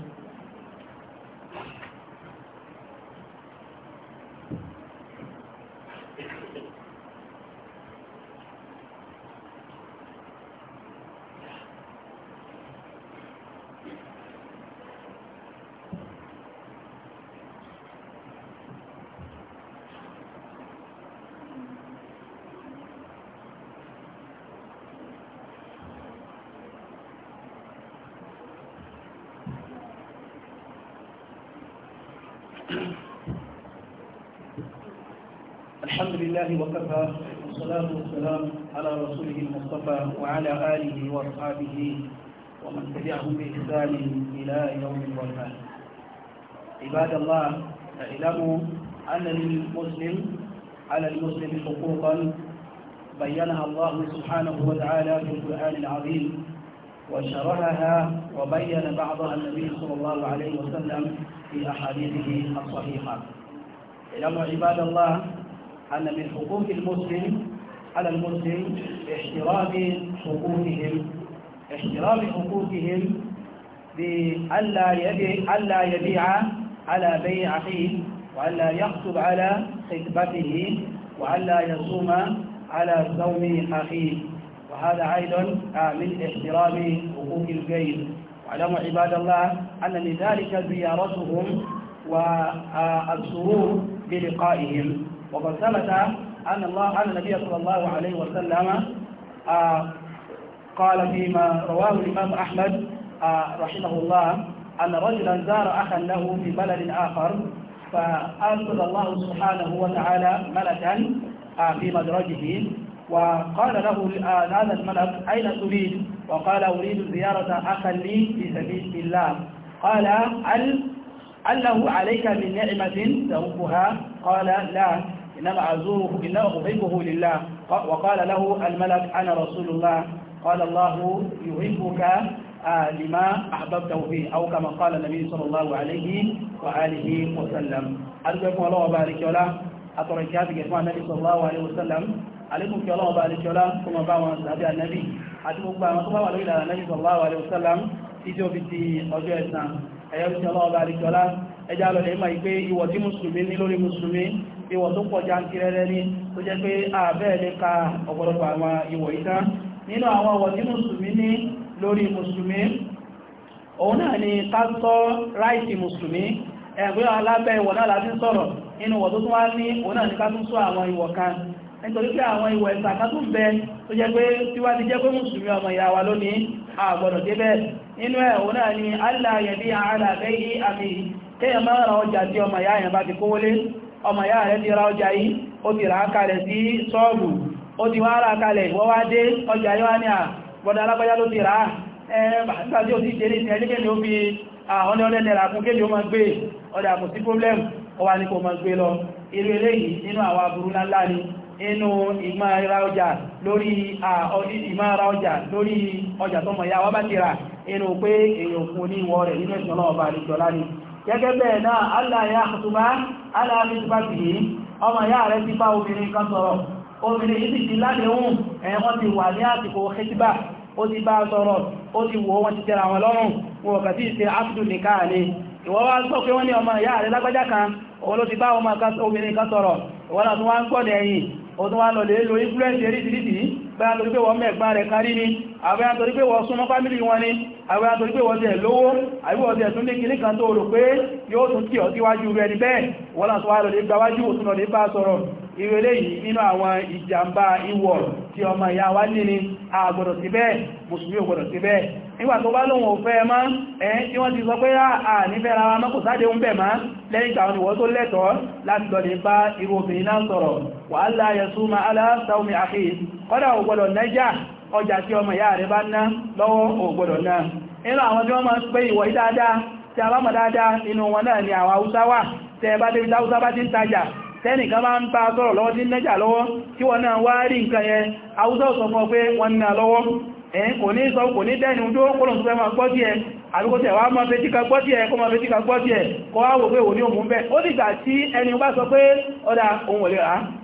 لله وكفى والصلاة والسلام على رسوله المصطفى وعلى آله وأصحابه ومن تبعهم بإحسان إلى يوم الوفاة عباد الله اعلموا أن للمسلم على المسلم حقوقا بينها الله سبحانه وتعالى في القرآن العظيم وشرحها وبين بعضها النبي صلى الله عليه وسلم في أحاديثه الصحيحة اعلموا عباد الله أن من حقوق المسلم على المسلم احترام حقوقهم احترام حقوقهم بألا يبيع, ألا يبيع على بيع أخيه وألا يخطب على خطبته وألا يصوم على صوم أخيه وهذا أيضا آه، من احترام حقوق البيت واعلموا عباد الله أن لذلك زيارتهم والسرور آه، بلقائهم وقد ثبت أن الله أن النبي صلى الله عليه وسلم آه، قال فيما رواه الإمام أحمد آه، رحمه الله أن رجلا زار أخا له في بلد آخر فأرسل الله سبحانه وتعالى ملكا آه، في مدرجه وقال له هذا الملك أين تريد وقال أريد زيارة أخا لي في سبيل الله قال هل له عليك من نعمة تركها قال لا إنما أزوره إنما أحبه لله وقال له الملك أنا رسول الله قال الله يحبك لما أحببته فيه أو كما قال النبي صلى الله عليه وآله وسلم أرجوكم الله وبارك ولا أتركاتك إخوان النبي صلى الله عليه وسلم عليكم كي الله وبارك ولا كما باوا سابع النبي أتمنى ما صلى الله النبي صلى الله عليه وسلم تيجو بدي أجو إسلام أيها الله وبارك ولا أجعل الإمام يبي يوجي مسلمين لولي مسلمين ìwọ̀ tó pọ̀ jàǹtìrẹrẹ ní tó jẹ́ pé ààbẹ́ẹ̀ ka ọ̀pọ̀lọpọ̀ àwọn ìwọ̀ ìtàn nínú àwọn ọwọ̀ tí ní ni káàkọ́ ráìtì mùsùlùmí ẹgbẹ́ alábẹ́ ìwọ̀ náà láti sọ̀rọ̀ tó wá ní òun náà ni ká tún sọ àwọn ìwọ̀ kan nítorí pé àwọn ìwọ̀ ẹ̀sà ká tún bẹ tó jẹ́ pé tí wá ti jẹ́ pé ọmọ ìyá wa lónìí àgbọ̀dọ̀ débẹ̀ ẹ̀ òun náà ni aláyẹ̀bí àlàbẹ́ yìí àmì kéèyàn máa ra ọjà tí ọmọ ìyá rẹ̀ ti ra ọjà yìí ó ti rà á kalẹ̀ sí ṣọ́ọ̀bù ó ti wá rà kalẹ̀ wọ́n wá dé ọjà yíwá ní à bọ́dá ló ti rà á ẹgbàtí ó ti jẹ́ ní ẹgbẹ́ ni ó fi àwọn ọdẹ́ nẹ́ra fún kéde ó máa gbé ọdá kò sí problem ó wá ní kò máa gbé lọ irú eléyìí nínú àwọn aburú ńlá ni inú ìmá ra ọjà lórí ọjà tó mọ̀ ya wá bá ti rà inú ọba àríjọ lánìí gẹ́gẹ́ bẹ́ẹ̀ náà aláyà àtúbá aláàmìtúbá ti yìí ọmọ ìyá rẹ̀ ti bá obìnrin kan sọ̀rọ̀ obìnrin yìí ti ládéhùn ẹ̀wọ́n ti wà ní àsìkò hẹ́tíbà ó ti bá sọ̀rọ̀ ó ti wò wọ́n ti tẹ́ra wọn lọ́rùn wọn kà sí ìṣe ápùdù nìkáà ni ìwọ́n wá gbọ́ pé wọ́n ní báyá torí pé wọ́n mẹ́gbá rẹ̀ kárí ni àbáyá torí pé wọ́n súnmọ́ fámílì wọn ni àbáyá torí pé wọ́n tẹ̀ lówó àbíwọ̀ tẹ̀ tún ní kìní kan tó rò pé yóò tún kí ọ síwájú rẹ̀ ní bẹ́ẹ̀ wọ́n láti wá lọ́dẹ̀ gbáwájú òtún lọ́dẹ̀ bá sọ̀rọ̀ ìrẹ̀lẹ̀ yìí nínú àwọn ni àgbọ̀dọ̀ sí bẹ́ẹ̀ mùsùlùmí ò gbọ̀dọ̀ sí bẹ́ẹ̀ nígbà tó bá lóhun òfẹ́ ẹmọ́ ẹ̀yìn tí wọ́n ti sọ aláàtàwọn ah, àfihàn kọ́dà ọgbọdọ gbọ́dọ̀ ọjà tí ọmọ ìyá rẹ̀ bá ná lọ́wọ́ ò gbọ́dọ̀ náà inú àwọn tí wọ́n máa ń pé ìwọ̀ tí a bá mọ̀ dáadáa inú wọn náà ni àwọn haúsá wà tẹ́ bá débi haúsá bá ti ń tajà tẹ́nìkan bá ń bá sọ̀rọ̀ lọ́wọ́ tí lọ́wọ́ wọ́n náà wá rí nǹkan yẹn haúsá ò sọ fún ọ pé wọ́n lọ́wọ́ kò ní sọ kò ní tó fẹ́ máa gbọ́ wá gbọ́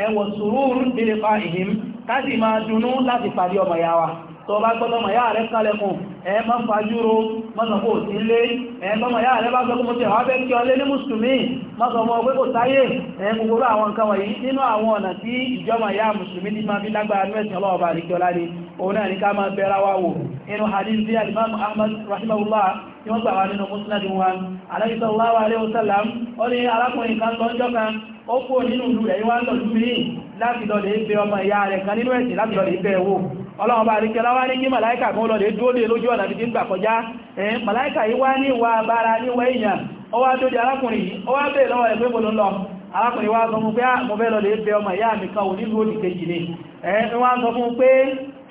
ẹwọ̀ sùúrù nílẹ̀pá ìhìm káàkiri máa dunú láti pàdé ọmọ ya wa tó bá gbọ́dọ̀ ọmọ ya rẹ̀ kalẹ̀kùn ẹ má fajúro mọ́sànkó sí lé ẹgbọ́mọ̀ ya rẹ̀ bá sọ́kún mọ́ sí ahmad rahimahullah tí wọ́n gbà wá nínú musnad wọn alayhi sallallahu alayhi wa sallam ó kan lọ́jọ́ kan ó kó nínú ìlú rẹ̀ wá lọ̀lú míì láti lọ lè bẹ ọmọ ìyá rẹ̀ kan nínú ẹ̀sìn láti lọ lè bẹ ẹwò ọlọ́run bá ríkẹ́ láwá ní kí màláíkà kan lọ lè dúó lè lójú ọ̀nà títí gbà kọjá màláíkà yí wá ní ìwà èèyàn ó wá tó di arákùnrin yìí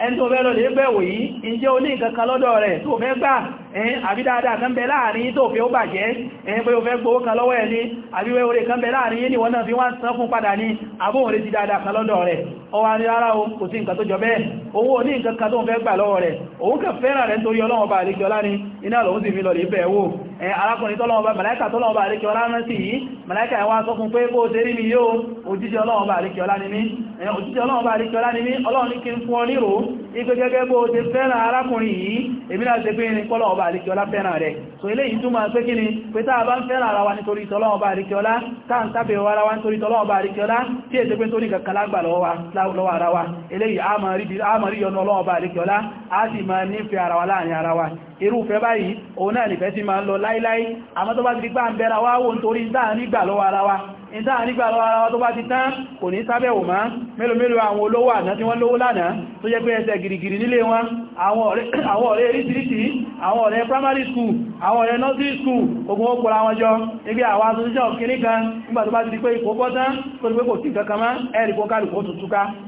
ẹni tó fẹ́ lọ lè bẹ̀wò yìí ìjẹ́ o ní nǹkankan lọ́dọ̀ rẹ̀ tó fẹ́ gbà ẹ̀yìn àbí dáadáa kan bẹ láàrin tó fẹ́ ó bàjẹ́ ẹ̀yìn pé o fẹ́ gbówó kan lọ́wọ́ ẹni àbí wẹ́ orí kan bẹ láàrin yìí wọ́n o kò sí nǹkan tó jọ bẹ́ẹ̀ owó ní nǹkan kan tó ń fẹ́ gbà lọ́wọ́ rẹ̀ òun kẹ fẹ́ràn rẹ̀ nítorí ọlọ́wọ́ bá àríkẹ́ ọlá ni iná mi yóò ni mí ní kí n fún ọ nírò ipé gẹ́gẹ́ bó ti fẹ́ràn arákùnrin yìí èmi náà ṣe pé ní pọ́lọ̀ ọba àríkíọlá fẹ́ràn rẹ̀ so eléyìí túnmọ̀ pé kí ni pé táà bá ń fẹ́ràn ara wa nítorí tọ́lọ́wọ́ ọba àríkíọlá táà ń tàbí ara wa nítorí tọ́lọ́wọ́ ọba àríkíọlá tí èsẹ́ pé nítorí kankan lágbà lọ́wọ́ ara wa eléyìí a máa rí yọnu ọlọ́wọ́ ọba àríkíọlá a sì máa nífẹ̀ẹ́ ara wa wa irúfẹ́ báyìí òun náà nìfẹ́ ti rí pá ń lọ́wọ́ wa ìta àrígbà ara wa tó bá ti tán kò ní sábẹ̀wò máa mélòó mélòó àwọn olówó àná tí wọ́n lówó lánàá tó jẹ́ pé ẹsẹ̀ gìrìgìrì nílé wọn àwọn ọ̀rẹ́ eríṣìíríṣìí àwọn ọ̀rẹ́ primary school àwọn ọ̀rẹ́ nursery school ogun ó kóra wọn jọ ibi àwọn asosiṣẹ́ ọ̀kìnní kan nígbà tó bá ti di pé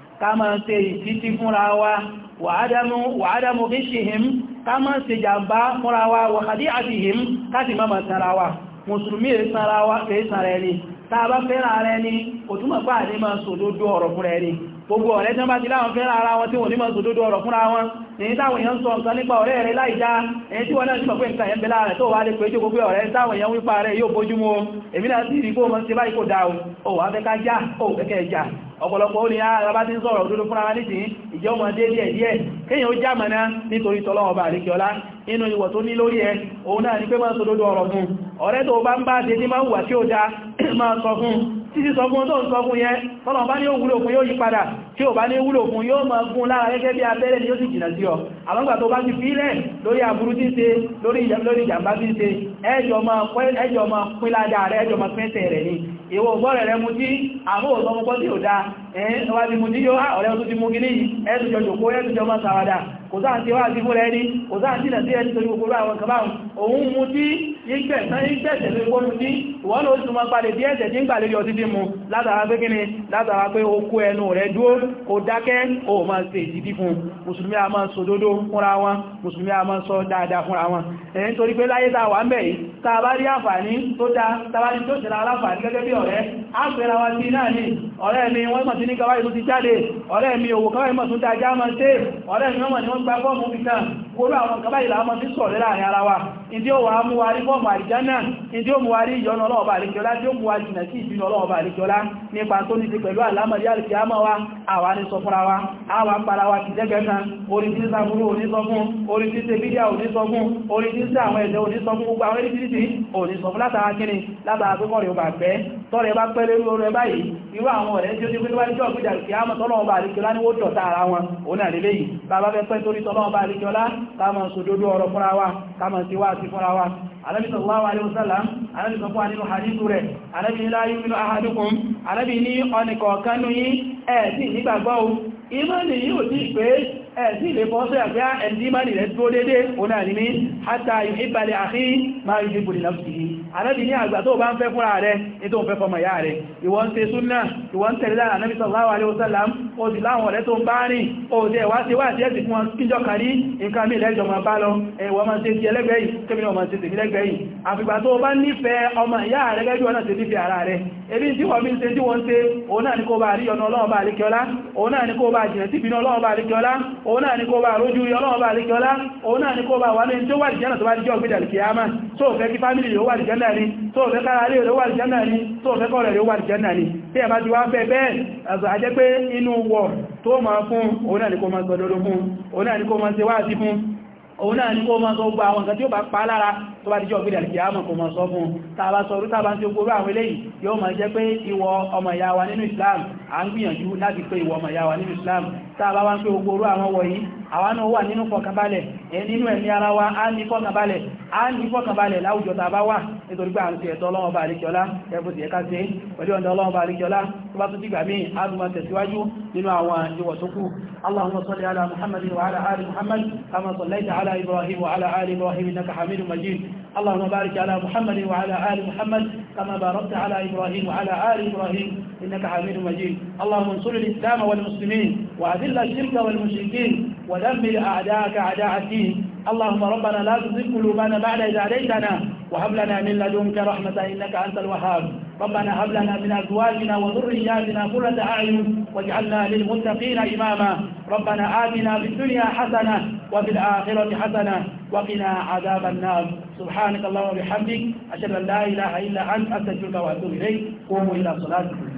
ká má ṣe ìfítí fúnra wa wàádámú bí ṣihim ká má ṣe jàmbá fúnra wa wàhádí àti him káti má máa sanra wa mùsùlùmí èsànra ẹni tàbá fẹ́ràn ẹni kò túnmọ̀ pàdé máa sòdódó ọ̀rọ̀ fúnra ẹni gbogbo ọ̀rẹ́ tán bá ti láwọn fẹ́ràn ara wọn tí wọ́n ní mọ́ sódódó ọ̀rọ̀ fúnra wọn èyí táwọn èèyàn ń sọ nǹkan nípa ọ̀rẹ́ rẹ̀ láìjá èyí tí wọ́n náà sípọ̀ pé nǹkan yẹn bẹ́lá rẹ̀ tó wà lè péjú gbogbo ọ̀rẹ́ táwọn èèyàn wípa rẹ̀ yóò bójúmú èmi náà sì rí bóòmọ́ sí báyìí kò dáa o wà fẹ́ ká já o kẹ́kẹ́ já ọ̀pọ̀lọpọ̀ ó ní arábá ah, tí ń sọ̀rọ̀ òdúdó fúnra wá nìtì ìjẹ́ ọmọ dé díẹ̀ díẹ̀ kéyàn ó já mọ̀ná nítorí tọ́lọ́wọ́ bá àríkíọlá inú ìwọ̀ tó ní lórí ẹ òun náà ní pé máa sọ lódó ọ̀rọ̀ fún ọ̀rẹ́ tó bá ń bá dé ní máa wà tí ó dá máa sọ fún títí sọ fún tó ń sọ fún yẹn tọ́lọ̀ bá ní ó wúlò fún yóò yí padà tí ò bá ní wúlò fún yóò máa gún lára gẹ́gẹ́ bí abẹ́rẹ́ ni ó sì jìnà sí ọ àmọ́gbà tó bá ti fílẹ̀ lórí aburú tí ṣe lórí ìjàmbá tí ṣe ẹjọ́ máa pín ládàá rẹ̀ ẹjọ́ máa pín ẹsẹ̀ rẹ̀ ni ìwọ ògbọ́rẹ̀ rẹ mú tí àmóò kò sáà ń ṣe wá sí fúnra ẹni kò sáà ń jìnà sí ẹni torí gbogbo àwọn kan báwọn òun mu tí ìgbẹ̀sán ìgbẹ̀sẹ̀ lórí gbónú tí ìwọ́n ló tún máa palẹ̀ bí ẹ̀sẹ̀ tí ń gbà lórí ọtí tí mu látara pé kíni látara pé ó kó ẹnu rẹ̀ dúró kò dákẹ́ ó máa ṣe ìdí fún mùsùlùmí a máa sọ dódó fúnra wọn mùsùlùmí a máa sọ dáadáa fúnra wọn ẹ̀yìn torí pé láyé tá wà ń bẹ̀ yìí tá a bá rí àǹfààní tó dá tá a bá rí tó ṣẹlẹ̀ aláǹfààní gẹ́gẹ́ bí ọ̀rẹ́ á pẹ̀lá wa sí náà ní ọ̀rẹ́ mi wọ́n mọ̀ sí ní kawáyé tó ti jáde ọ̀rẹ́ mi òwò kawáyé mọ̀ tó ta já ń gba fọ́ọ̀mù pítà wọ́n àwọn kàbá ìlàmọ́ sí sọ̀rẹ́ láàrin ara wa ìdí ó wà mú wa rí fọ́ọ̀mù àìjánà ìdí ó mú wa rí ìyọnà ọlọ́ọ̀bà àríkíọlá tí ó mú wa jìnà sí ìbínú ọlọ́ọ̀bà àríkíọlá nípa tó ní ti pẹ̀lú àlámọ̀rí irú àwọn ọ̀rẹ́ tí ó ní pé wáyé jọ gbídà kí á mọ̀ tọ́lọ́ọ̀bà àríkíọlá ní ó jọta ara wọn ó náà lélẹ́ yìí bàbá fẹ́ pẹ́ torí tọ́lọ́ọ̀bà àríkíọlá táàmà sódódó ọ̀rọ̀ fúnra wa táàmà sí wá sí fúnra wa alábìsọ̀ wá wà ní ọ̀sálàm alábìsọ̀ fún ànílò hadithu rẹ̀ ẹ̀sí ilé bọ́ sí àgbá ẹ̀dí má nìrẹ̀ tó dédé oná àníní hátà ìhìbàlẹ̀ àhí máa yìí bùrì náà sí àrẹ́bì ní àgbà tó bá ń fẹ́ fúnra rẹ̀ ní tó ń fẹ́ fọmọ ìyá rẹ̀ ìwọ́n ṣe súnnà ìwọ́n tẹ̀lé lára Ànábì sallallahu alaihi wasallam ó sì láwọn ọ̀rẹ́ tó ń bá rìn ó sì ẹ̀wá sí wà sí ẹ̀sìn fún wọn kíjọ kàrí nǹkan mí lẹ́jọ máa ebi tí wọ́n bí ń ṣe tí wọ́n ṣe òun náà ní kó bá rí ọ̀nà ọlọ́ọ̀bá àríkẹ́ọlá òun náà ní kó bá jìnà síbi ọlọ́ọ̀bá àríkẹ́ọlá òun náà ní kó bá rójú ọlọ́ọ̀bá àríkẹ́ọlá òun náà ní kó bá wà ní tó wà ìjẹ́nà tó bá jẹ́ ọgbẹ́dà kìíyàmá tó fẹ́ kí fámílì yóò wà ìjẹ́nà ni tó fẹ́ kára lè ló wà ìjẹ́nà ni tó fẹ́ tí òun náà ní kó máa sọ gbogbo àwọn nǹkan tí ó bá pa lára tó bá díjọ́ gbídà kìí àmọ̀ kò mọ̀ sọ fún tàbá sọrú tàbá tí ó gbogbo àwọn eléyìí yóò máa jẹ́ Islam à ń gbìyànjú láti pé ìwọ ọmọ ìyá wa nínú Islam tàbá wá ń pé ogoro àwọn wọ̀nyí àwọn náà wà nínú fọkànbalẹ̀ nínú ẹ̀mí ara wa a ní fọkànbalẹ̀ a ní fọkànbalẹ̀ láwùjọ tàbá wà nítorí pé àrùn ẹ̀tọ́ ọlọ́wọ́ bá àríkíọlá ẹ̀bùn ti ẹ̀ká sí pẹ̀lú ọ̀dọ̀ ọlọ́wọ́ bá àríkíọlá tó bá tún dìgbà míì a tún máa tẹ̀síwájú nínú àwọn ìwọ̀ tó kù اللهم صل على محمد وعلى آل محمد كما صليت على إبراهيم وعلى آل إبراهيم إنك حميد مجيد اللهم بارك على محمد وعلى آل محمد كما باركت على إبراهيم وعلى آل إبراهيم إنك حميد مجيد اللهم انصر الإسلام والمسلمين وأذل الشرك والمشركين ودمر أعداءك أعداء الدين اللهم ربنا لا تزغ قلوبنا بعد إذ هديتنا وهب لنا من لدنك رحمة إنك أنت الوهاب ربنا هب لنا من أزواجنا وذرياتنا قرة أعين واجعلنا للمتقين إماما ربنا آتنا في الدنيا حسنة وفي الآخرة حسنة وقنا عذاب النار سبحانك اللهم وبحمدك أشهد أن لا إله إلا أنت أستغفرك وأتوب إليك قوموا إلى صلاتكم